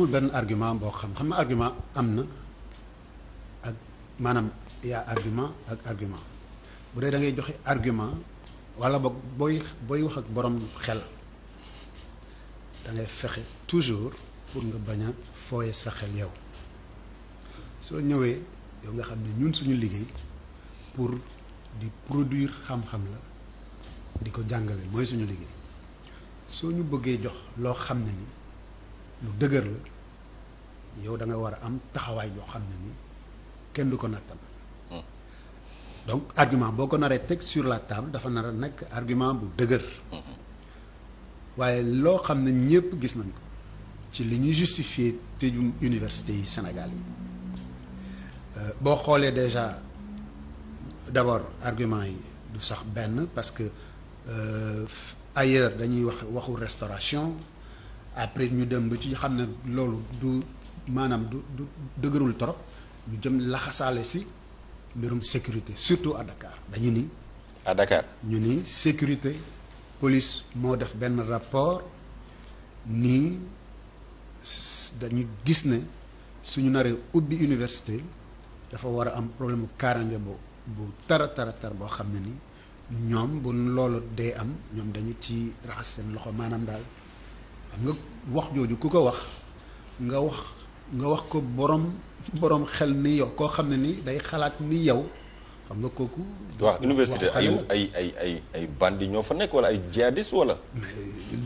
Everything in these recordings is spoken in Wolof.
amul benn argument boo xam xam nga argument am na ak maanaam yaa argument ak argument bu dee da ngay joxe argument wala boog booy booy wax ak borom xel da ngay fexe toujours pour nga bañ a fooye sa xel yow soo ñëwee yow nga xam ne ñun suñu liggéey pour di produire xam-xam la di ko jàngale mooy suñu liggéey soo ñu bëggee jox loo xam ne ni lu dëgër la yow da nga war a am taxawaay yoo xam ne ni kenn du ko nattam hmm. donc argument boo ko naree teg sur la table dafa nara nag nekk argument bu dëgër hmm. waaye loo xam ne ñëpp gis nañ ko ci li ñuy justifier tëjum université yi Sénégal yi euh, boo xoolee déjà d'abord argument yi du sax benn parce que euh, ailleurs dañuy wax waxu restauration après ñu dem ba ci xam ne loolu du maanaam du du dëgërul trop ñu jëm laxasaale si mbirum sécurité surtout à Dakar dañu ni. à ñu ni sécurité police moo def benn rapport nii dañu gis ne suñu naree ubbi université dafa war a am problème mu kaaraange bu bu tara tara tar boo xam ne ni ñoom bu loolu dee am ñoom dañu ci raxas seen loxo maanaam daal. nga wax jooju ku ko wax nga wax nga wax ko borom boroom xel ni yow koo xam ne nii day xalaat ni yow xam nga kooku. waaw université ay ay ay ay ay bandi ñoo fa nekk wala ay jihadistes wala.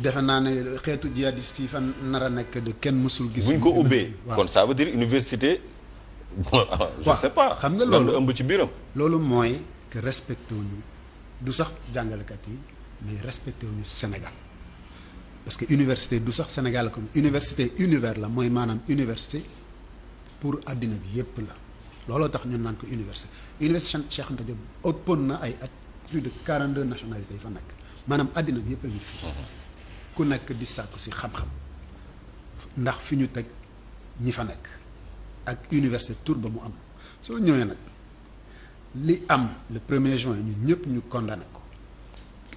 defe naa ne xeetu jihadistes yi fa nar nekk de kenn mësul gis. buñ ko ubbee kon ça veut université. Ah, je sais pas xam nga loolu ëmb ci biiram. loolu mooy que respecté wuñu du sax jàngalekat yi mais respecté wuñu Sénégal. parce que université du sax Sénégal comme univers la mooy maanaam université pour àddina bi yépp la looloo tax ñun naan ko université université Cheikh Anta Diop ëppoon na ay at plus de 42 nationalités yi fa nekk maanaam àddina bi yépp a ngi fi ku nekk di sàkku si xam-xam ndax fi ñu teg ñi fa nekk ak université tour ba mu am soo ñëwee nag li am le premier juin ñun ñëpp ñu condamné ko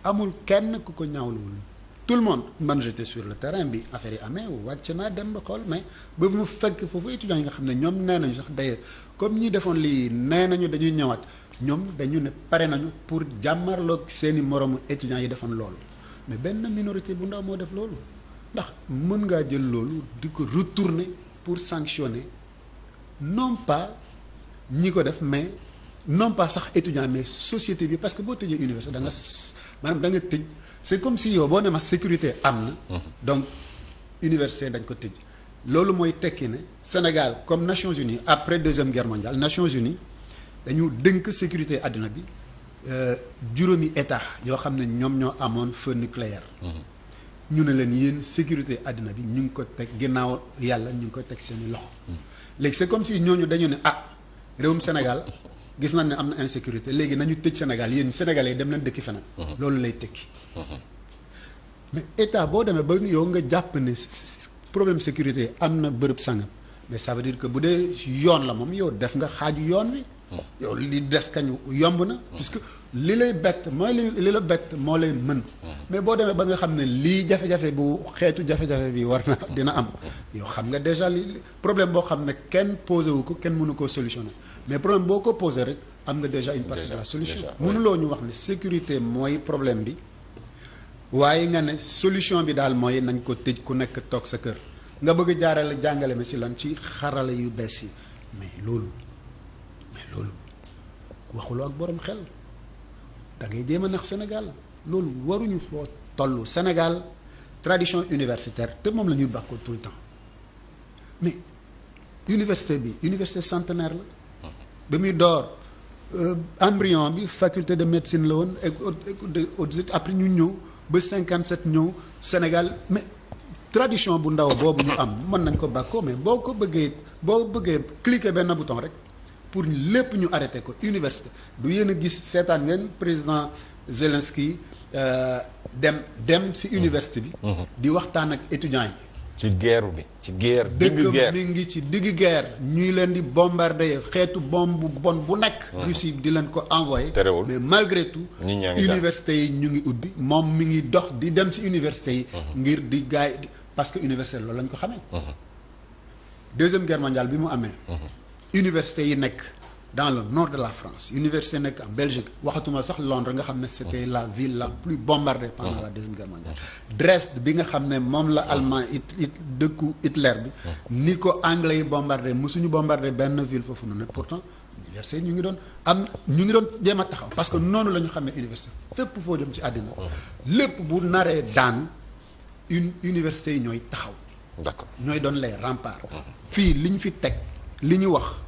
amul kenn ku ko ñaw ñaawluwul tout le monde man j'étais sur le terrain bi affaire yi amee wàcc naa dem ba xool mais ba mu fekk foofu étudiants yi nga xam ne ñoom nee nañu sax d'ailleurs comme ñi defoon lii nee nañu dañuy ñëwaat ñoom dañu ne pare nañu pour jàmmarloog seeni moroomu étudiants yi defoon loolu mais benn minorité bu ndaw moo def loolu ndax mën ngaa jël loolu di ko retourner pour sanctionner non pas ñi ko def mais non pas sax étudiant mais société bi parce que boo tëjee université da nga maanaam da nga tëj c'est comme si yow boo ne ma sécurité am na. donc université dañ ko tëj. loolu mooy tekki ne Sénégal comme Nations uni après deuxième guerre mondiale Nations uni dañu dënk sécurité àdduna bi euh, juróomi état yoo xam ne ñoom ñoo amoon feu nucléaire. Mm-hmm. ñu ne leen yéen sécurité àdduna bi ñu ngi ko teg ginnaaw yàlla ñu ngi ko teg seeni loxo. Mm-hmm. léegi c'est comme si ñooñu dañu ne ah réewum Sénégal gis nañ ne am na insécurité léegi nañu tëj Sénégal yéen sénégalais dem leen dëkki feneen. Mm-hmm. loolu lay tekki. mais état boo demee ba yow nga jàpp ne problème sécurité am na bërëb sangam mais ça veut dire que bu dee yoon la moom yow def nga xaaju yoon wi. yow li des kañ yomb na. parce que li lay bett mooy li la bett moo lay mën. mais boo demee ba nga xam ne lii jafe-jafe bu xeetu jafe-jafe bi war na dina am yow xam nga déjà li problème boo xam ne kenn posé wu ko kenn mënu koo solutionné mais problème boo ko posé rek am nga déjà une partie de la solution mënuloo ñu wax ne sécurité mooy problème bi. waaye nga ne solution bi daal mooy nañ ko tëj ku nekk toog sa kër nga bëgg jaarale jàngale ma si lan ci xarala yu bees yi mais loolu mais loolu waxuloo ak borom xel da ngay jéem a nax Sénégal loolu waruñu foo tollu Sénégal tradition universitaire te moom la ñuy bàkkoo tout le temps mais université bi université centenaire la ba muy door Euh, embryon bi faculté de médecine la woon et hautes après ñu ñëw ba 57 ñëw Sénégal mais tradition bu ndaw boobu ñu am mën nañ ko bàkkoo mais boo ko bëggee boo bëggee cliquer benn bouton rek pour lépp ñu arrêté ko université du yéen a gis seetaan ngeen président Zelensky euh, dem dem ci mm-hmm. université bi. Mm-hmm. di waxtaan ak étudiants yi. ci guerre bi ci guerre dëgg guerre ngi ci digg guerre ñuy leen di bombarder xeetu bomb bu bon bu nekk hmm. Russie di leen ko envoyé terewul mais malgré tout université yi ñu ngi ubbi moom mi ngi dox di dem ci université yi hmm. ngir di gaay parce que université loolu lañ ko xamee hmm. deuxième guerre mondiale bi mu amee université yi nekk dans le nord de la France université nekk en Belgique waxatuma sax Londres nga xam ne c'était la ville la plus bombardée pendant la deuxième guerre mondiale bi nga xam ne moom la allemand it it dëkku Hitler bi ni ko anglais yi bombardé suñu bombardé benn ville foofu noonu pourtant université ñu ngi doon am ñu ngi doon jéem a taxaw parce que noonu la ñu xam ne université fépp foo jëm ci àddina lépp bu naree daanu une université yi ñooy taxaw d'accord ñooy doon les remparts fii li ñu fi teg li ñu wax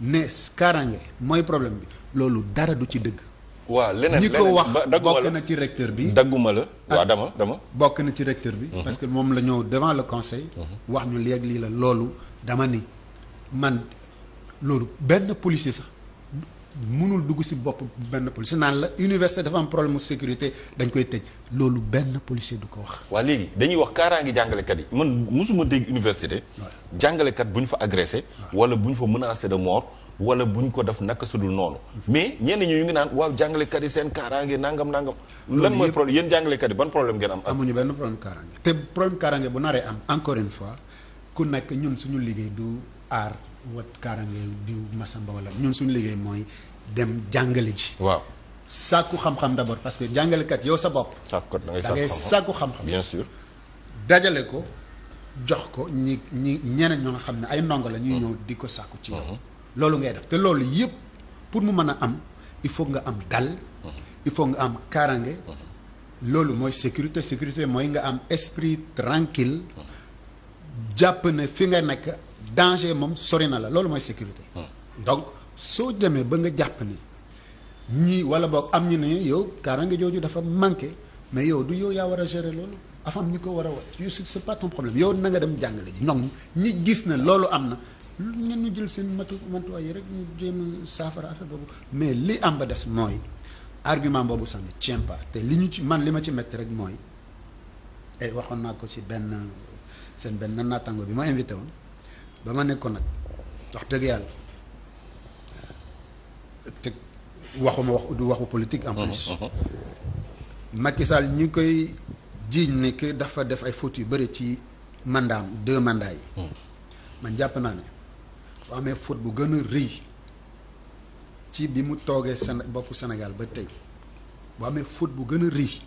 ne kaaraange mooy problème bi loolu dara du ci dëgg. waaw leneen ñi ko wax bokk na ci recteur bi dagguma la waaw dama dama. bokk na ci recteur bi. Mhm. parce que moom la ñëw devant le conseil. Mhm. wax ñu léeg lii la loolu dama ni man loolu benn policier sax. mënul dugg si bopp benn policier naan la université dafa am problème mu sécurité dañ koy tëj loolu benn policier du ko wax. waa léegi dañuy wax kaaraange jàngalekat yi man mosuma dégg université. jàngalekat bu ñu fa agressé. wala bu ñu fa a de mort. wala bu ñu ko def naka sudul noonu. mais ñenn ñu ñu ngi naan waaw jàngalekat yi seen kaaraange nangam nangam. lan mooy problème yéen jàngalekat yi ban problème ngeen am. amuñu benn problème kaaraange te problème bu naree am encore fois ku nekk ñun suñu liggéey du aar. wat kaarange diw masamba wala ñun suñu liggéey mooy dem jàngale ji. waaw sàkku xam-xam d'abord parce que jàngalekat yow sa bopp. sàkku da ngay sàkku xam-xam bien sûr. dajale ko jox ko ñi ñi ñeneen ñoo nga xam ne ay ndongo la ñuy mm-hmm. ñëw di ko sàkku ci yow. Mm-hmm. loolu ngay def te loolu yëpp pour mu mën a am il faut nga am dal. Mm-hmm. il faut nga am kaarange. loolu mooy sécurité sécurité mooy nga am esprit tranquille jàpp ne fi nga nekk. danger moom sori na la loolu mooy sécurité. Hmm. donc soo demee ba nga jàpp ni ñii wala boog am ñu ne yow nga jooju dafa manqué mais yow du yow yaa war a gérer loolu afam ni ko war a wax yow c'est pas yow na nga dem jàngale ji. donc ñi gis na loolu am na ñun ñu jël seen matu matuwaay rek ñu jéem a saafara mais li am ba mooy argument boobu sax ne tient te li ñu ci man li ma ci métti rek mooy ay eh, waxoon naa ko ci benn seen benn naataango bi ma invité woon. ba ma nekkoon nag wax dëgg yàlla te waxuma wax du waxu politique en plus uh-huh, uh-huh. Macky Sall ñu koy jiiñ ne que dafa def ay fautes yu bari ci mandaam deux mandats yi hmm. man jàpp naa ne bu amee faute bu gën a rëy ci bi mu toogee seen boppu Sénégal ba tey bu amee faute bu gën a rëy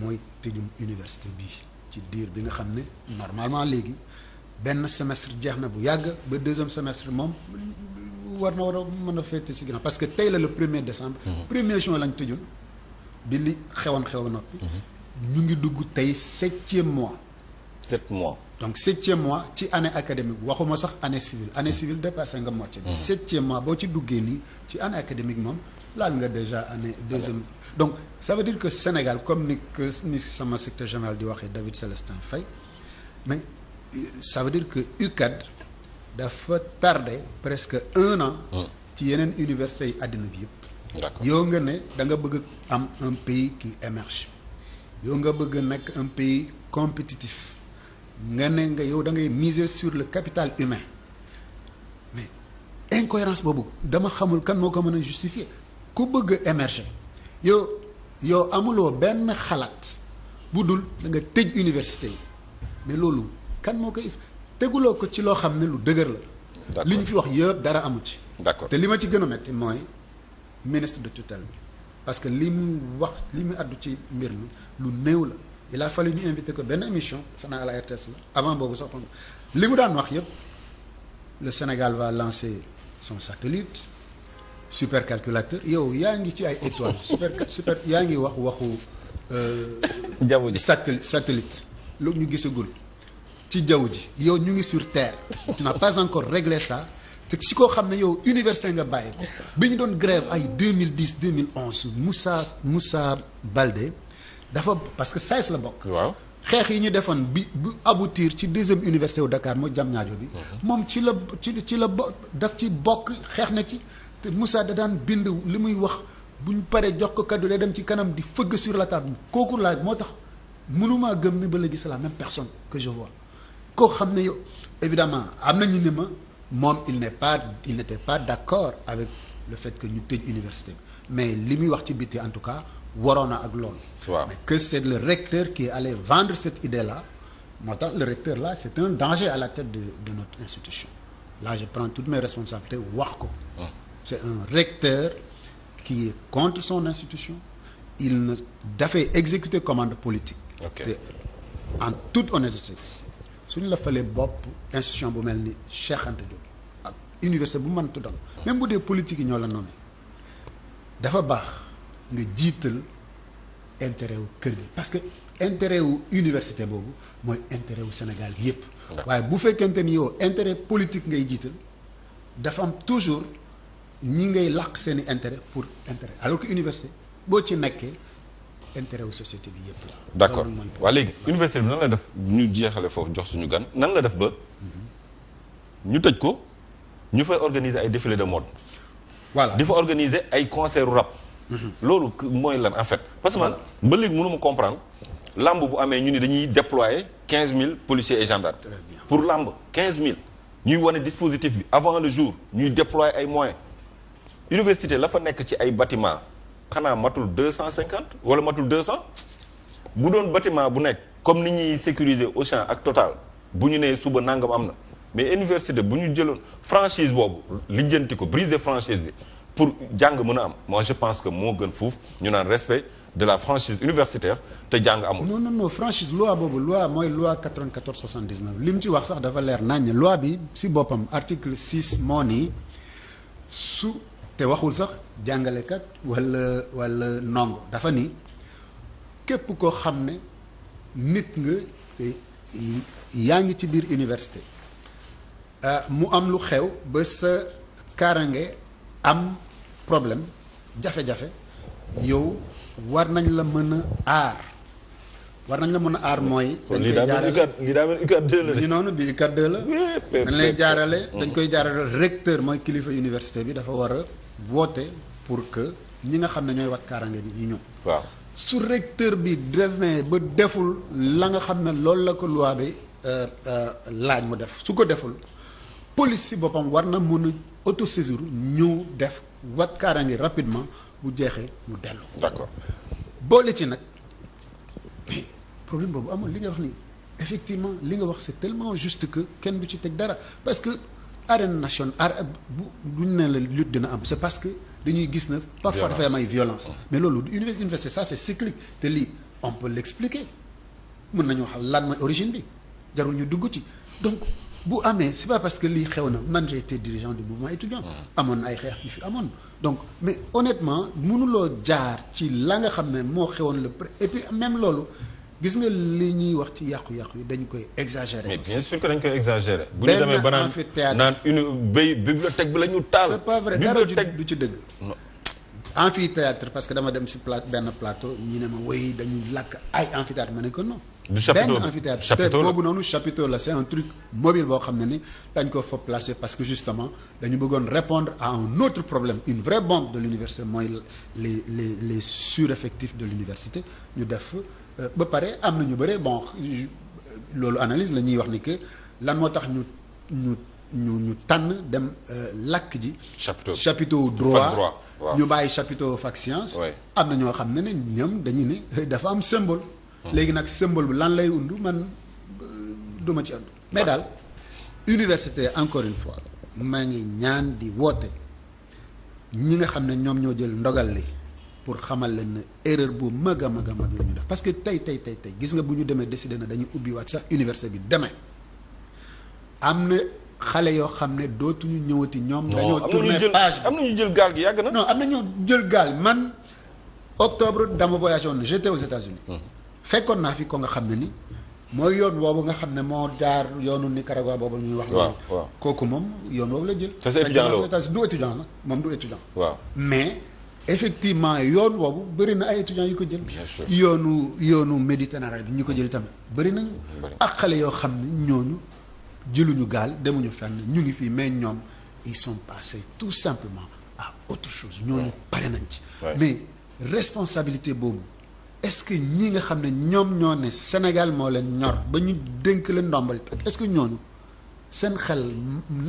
mooy tëjum université bii ci diir bi nga xam ne normalement léegi benn semestre jeex na bu yàgg ba deuxième semestre moom war na war a mën a féete si ginnaaw parce que tey la le premier décembre. Mhm. premier juin lañ tëjoon bi li xewoon xew noppi. Mhm. ñu ngi dugg tey septième mois. sept mois. donc septième mois ci année académique waxuma sax année civile année mhm. civile dépassé nga moitié bi. septième mois boo ci duggee nii ci année académique moom laal nga déjà année deuxième. donc ça veut dire que Sénégal comme ni que ni sama secteur général di waxee David Célestin Faye mais. ça veut dire que UCAD dafa tardé presque un an. ci yeneen université yi àddina bi yëpp. d'accord yow nga ne danga bëgg am un pays qui émerge yow nga bëgg nekk un pays compétitif nga ne nga yow da ngay miser sur le capital humain mais incohérence boobu dama xamul kan moo ko mën a justifier ku bëgg a yow yow amuloo benn xalaat bu dul da nga tëj université yi mais loolu. kan moo koy teguloo ko ci loo xam ne lu dëgër la. li ñu fi wax yëpp dara amu ci. d'accord te li ma ci gën a metti mooy ministre de tutelle bi parce que li muy wax li muy àddu ci mbir mi lu néew la il fa fallu ñu invité ko benn émission xanaa à RTS la avant boobu sax li mu daan wax yëpp le Sénégal va lancé son satellite supercalculateur yow yaa ngi ci ay étoiles super super yaa ngi wax waxu. Euh, jaww ji satellite satellite lu ñu gisagul. ci jaww ji yow ñu ngi sur terre tu n'as pas encore réglé ça te si koo xam ne yow université nga bàyyi bi ñu doon grève ay 2010 2011 Moussa mussa Baldé dafa parce que SAES la bokk. waaw xeex yi ñu defoon bi bu aboutir ci deuxième université wu moo jam naajo bi. Mhm. moom ci la ci ci la bo daf ci bokk xeex na ci te Moussa da daan bind li muy wax bu ñu paree jox ko kaddu day dem ci kanam di fëgg sur la table kooku laaj moo tax mënumaa gëm ne ba léegi c'est la même personne que koo xam ne yow évidemment am na ne ma moom il n'est pas il n'était pas d'accord avec le fait que ñu tëj université mais li muy wax ci biti en tout cas waroon na ak loolu. waaw mais que c'est le recteur qui est allé vendre cette idée là moo tax le recteur là c'est un danger à la tête de de notre institution là je prends toutes mes responsabilités wax ko. c'est un recteur qui est contre son institution il ne dafay exécuter commande politique. ok te en toute honnêteté. suñu la falee bopp institution bu mel ni Cheikh Anta Diop ak université bu mëntu doon même bu dee politique yi ñoo la nommé dafa baax nga jiital intérêt wu kër gi parce que intérêt wu université boobu mooy intérêt wu Sénégal gi yépp waaye bu fekkente ni yoo intérêt politique ngay jiital dafa am toujours ñi ngay làq seeni intérêt pour intérêt alors que université boo ci nekkee intérêt wu société bi yëpp d' accord waa léegi université bi nan la def ñu jeexale foofu jox suñu gan nan la def ba ñu tëj ko ñu fay organiser ay défilé de mode. voilà di fa organiser ay concert rap. Mhm. loolu mooy lan en fait. parce que man ba léegi mënu ma comprendre lamb bu amee ñu ni dañuy déployer quinze mille policiers et gendarmes. pour lamb quinze mille. ñuy wane dispositif bi avant le jour ñuy déployer ay moyens université la fa nekk ci ay bâtiment xanaa matul deux cent cinquante wala matul deux cent bu doon bâtiment bu nekk comme ni ñuy sécuriser Auchan ak Total bu ñu nee suba nangam am na mais université bu ñu jëloon franchise boobu lijjanti ko briser franchise bi pour jàng mën a am moi je pense que moo gën fuuf ñu naan respect de la franchise universitaire te jàng amul. non non non franchise loi boobu loi mooy loi 94 79 li mu ci wax sax dafa leer naññ loi bi si boppam article 6 moo nii su. te waxul sax jàngalekat walla walla ndongo dafa ni képp koo xam ne nit nga yaa ngi ci biir université ah, mu am lu xew ba sa kaaraange am problème jafe-jafe yow war nañ la mën a aar war nañ la mën aar mooy. dañ koy jaarale lii daa mel noonu bi UCAD la. dañ lay jaarale. dañ koy jaarale recteur mooy kilifa université bi dafa war a. voté pour que ñi nga xam ne ñooy wat kaaraange bi ñu ñëw. waaw su recteur bi mais ba deful la nga xam ne loolu la ko loi bi euh, euh, laaj mu def su ko deful police si boppam war na mën auto autosaisir ñëw def wat kaaraange rapidement bu jeexee mu dellu. d'accord boole ci nag mais problème boobu amul li nga wax nii effectivement li nga wax c'est tellement juste que kenn du ci teg dara parce que. arène nationale ar bu duñ ne la lutte dina am c'est parce que dañuy gis na parfois dafay am ay violence mais loolu université ça c'est cyclique te lii on peut l'expliquer mën nañu xam lan mooy origine bi jarul ñu dugg ci donc bu amee c'est pas parce que lii xew na man j'étais dirigeant du mouvement étudiant hmm. amoon ay xeex yu fi amoon donc mais honnêtement mënuloo jaar ci la nga xam ne moo xewoon le et puis même loolu gis nga li ñuy wax ci yàqu-yàqu yi dañ koy exagérer. mais bien sûr que dañ koy exagérer. bu ñu demee ba naan naan une bay bibliothèque bi la ñu taal. c'est pas vrai dara du ci dëgg. amphithéâtre parce que dama dem si plat benn plateau ñi ne ma woy dañu lakk ay amphithéâtre ma ne ko non. du chapiteau benn amphithéâtre te boobu noonu chapiteau la c'est un truc mobile boo xam ne ni dañ ko fa placer parce que justement dañu bëggoon répondre à un autre problème une vraie bombe de l'université mooy les les les sureffectifs de l'université ñu def. Euh, ba pare am na ñu bëre bon loolu analyse la ñuy wax ni que lan moo tax ñu ñu ñu ñu tànn dem euh, lakk ji. chapiteau chapiteau droit ñu bàyyi chapiteau fac science. am na ñoo xam ne ne ñoom dañu ne euh, dafa am symbole. Hmm. léegi nag symbole bi lan lay undu man duma ci ànd. mais daal université encore une fois maa ngi ñaan di woote ñi nga xam ne ñoom ñoo jël ndogal li. pour xamal leen ne erreur bu mag a mag a mag la def parce que tey tey tey tey gis nga bu ñu demee décidé na dañuy ubbiwaat sax université bi demee am na xale yoo xam ne dootuñu ñëwati ñoom. dañoo tourné page am na ñu jël gaal gi yàgg na. non am na ñu jël gaal man octobre dama voyagé woon j'étais aux États-Unis mm-hmm. fekkoon naa fi ko nga xam ne ni mooy yoon boobu nga xam ne moo daar yoonu Nicaragua boobu ñuy wax. waaw waaw kooku moom yoon boobu la jël. te c'est étudiant la du étudiant la moom du étudiant. effectivement yoon woowu bëri na ay étudiants yu ko jël. yoonu yoonu Méditerranée bi ñu ko jël tamit bëri nañu. ak xale yoo xam ne ñooñu jëluñu gaal demuñu fenn ñu ngi fii mais ñoom ils sont passés tout simplement à autre chose. ñooñu pare nañ ci. mais responsabilité boobu est-ce que ñi nga xam ne ñoom ñoo ne Sénégal moo leen ñor ba ñu dénk leen ndombal est-ce que ñooñu seen xel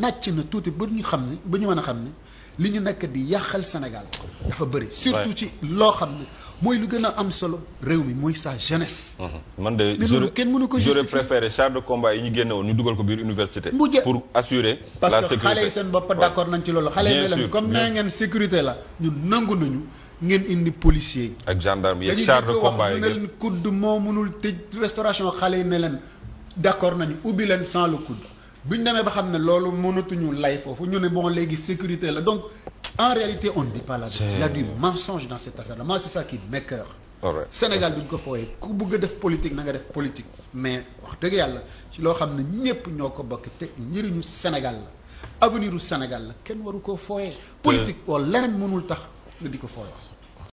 nàcc na tuuti ba ñu xam ne ba ñu mën a xam ne. li ñu nekk di yàqal Sénégal dafa bëri surtout ci loo xam ne mooy lu gën a am solo réew mi mooy sa jeunesse mhm. man de kenn mënu ko j'aurais préféré char de combat yi ñu génne woon ñu dugal ko biir université pour assurer la sécurité parce que xale yi seen bopp d'accord nañ ci la ñun nangu nañu ngeen indi policier yi ak gendarme yi ak char de combat yi leen moo mënul tëj restauration xale yi ne leen d'accord nañu ubbi leen sans le coude bu ñu demee ba xam ne loolu mënatuñu lay foofu ñu ne boo léegi sécurité la donc en réalité on ne dit pas la vérité. il y a du mensonge dans cette affaire là moi c'est ça qui Sénégal duñ ko fooyee ku bëgg a def politique nanga def politique. mais wax dëgg yàlla ci loo xam ne ñëpp ñoo ko bokk te njëriñu Sénégal la avenir Sénégal la kenn waru koo fooyee. politique wala leneen mënul tax nga di ko fooyee.